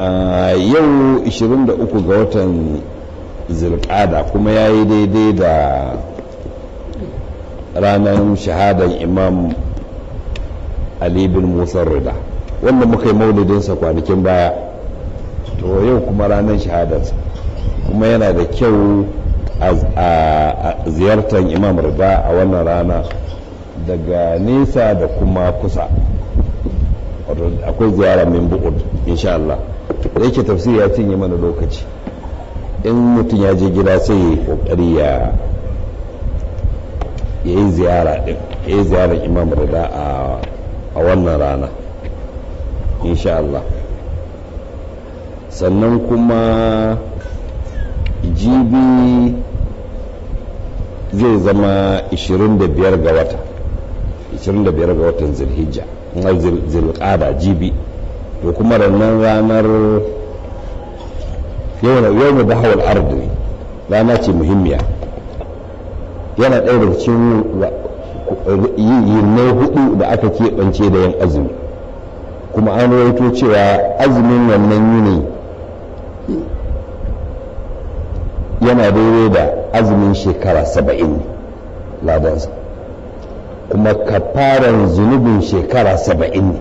yau 23 ga watan zirkada kuma ya yi daidai da ranar shahadar imam ali bin musa rida wanda muka yi maulidinsa kwanakin baya to yau kuma ranar shahadarsa kuma yana da kyau a ziyartar imam rida a wannan rana daga nesa da kuma kusa akwai ziyara min bu'ud insha Allah da yake tafsiri ya cinye mana lokaci in mutum ya je gida sai ya kokari ya yi ziyara din ya yi ziyara imam rida a wannan rana insha Allah sannan kuma jibi zai zama 25 ga wata 25 ga watan zilhijja zilqada jibi to kuma rannan ranar yau mu dahawar ardu rana ce muhimmiya yana ɗaya daga cikin yinnai hudu da aka keɓance da yan azumi kuma an rawaito cewa azumin wannan yini yana daidai da azumin shekara saba'in ladansa kuma kafaran zunubin shekara saba'in ne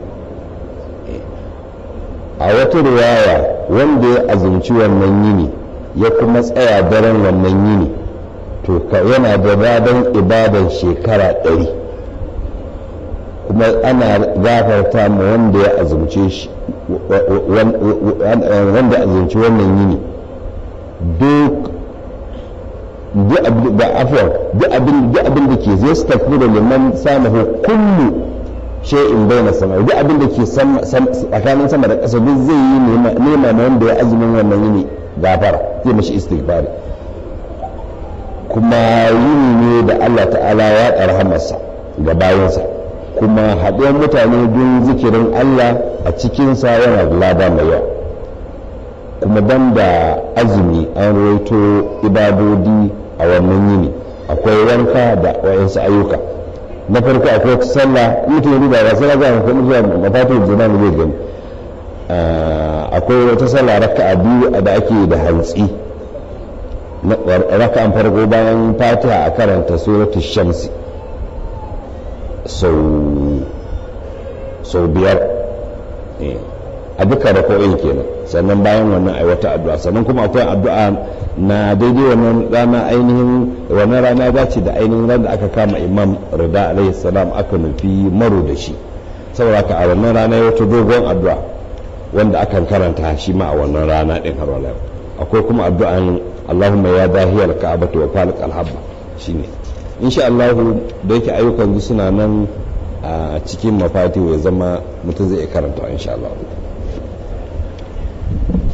a wata riwaya wanda ya azumci wannan yini ya kuma tsaya daren wannan yini to ka yana da baban ibadan shekara ɗari kuma ana gafarta ma wanda ya azumce shi wanda azumci wannan yini duk duk abin da ke zai su tafi da liman samun kullu in baina sama duk abin da ke tsakanin sama da ƙasa duk zai yi nema na wanda ya azumin wannan yini gafara zai mashi istighfari kuma yini ne da Allah ta'ala ya ƙarhamarsa ga bayansa kuma haɗuwar mutane don zikirin Allah a cikinsa yana da lada mai yawa kuma ban da azumi an roto ibadodi a wannan yini akwai wanka da wayansu ayyuka na farko ah, akwai wata sallah mutum ya ba sai ga ga kuma zuwa mafatul zama zai gani akwai wata sallah a biyu da ake da hantsi an farko bayan fatiha a karanta suratul shamsi sau biyar eh. a duka rako'in kenan sannan bayan wannan a wata addu'a sannan kuma akwai addu'a na daidai wannan rana ainihin wannan rana dace da ainihin ran da aka kama imam rida alaihi salam aka nufi maro da shi saboda ka a wannan rana ya wata dogon addu'a wanda aka karanta shi ma a wannan rana din har wala akwai kuma addu'an Allahumma ya dahiyal ka'abatu wa faliq al shine insha Allah da yake ayyukan su suna nan a cikin mafati ya zama mutum zai karanta insha Allah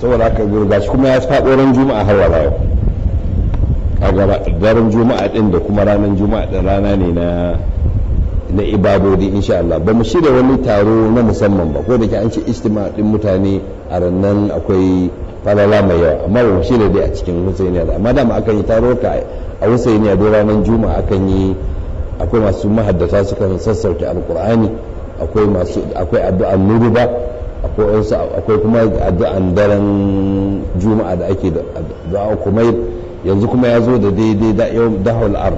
saboda haka yanzu gashi kuma ya faɗo ran juma'a har wa yau a gaba daren juma'a din da kuma ranar juma'a din rana ne na na ibadodi insha Allah ba mu shirya wani taro na musamman ba ko da ke an ce ijtima din mutane a rannan akwai falala mai yawa amma ba mu shirya dai a cikin husainiya da amma dama akan yi taro ka a husainiya da ranar juma'a akan yi akwai masu mahaddasa sukan sassauta alkur'ani akwai masu akwai addu'an nuruba akwai kuma addu'an daren juma'a da ake da kuma yanzu kuma ya zo da daidai da yau dahul ar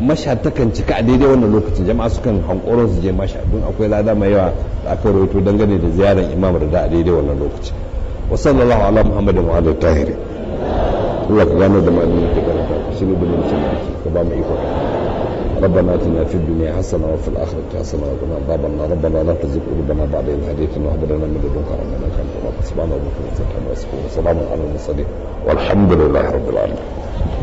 mashhad takan cika a daidai wannan lokacin jama'a sukan hankoron su je masha don akwai lada mai yawa da aka rawaito dangane da ziyarar imam da a daidai wannan lokacin wa sallallahu ala muhammadin wa ala tahiri Allah ka gano da ma'anin da ka karanta shi ne da mun ka ba mu iko ربنا اتنا في الدنيا حسنه وفي الاخره حسنه وقنا عذاب النار ربنا لا تزغ قلوبنا بعد اذ هديتنا وهب لنا من لدنك رحمه انك انت الوهاب سبحانك ربك العزه عما يصفون وسلام على المرسلين والحمد لله رب العالمين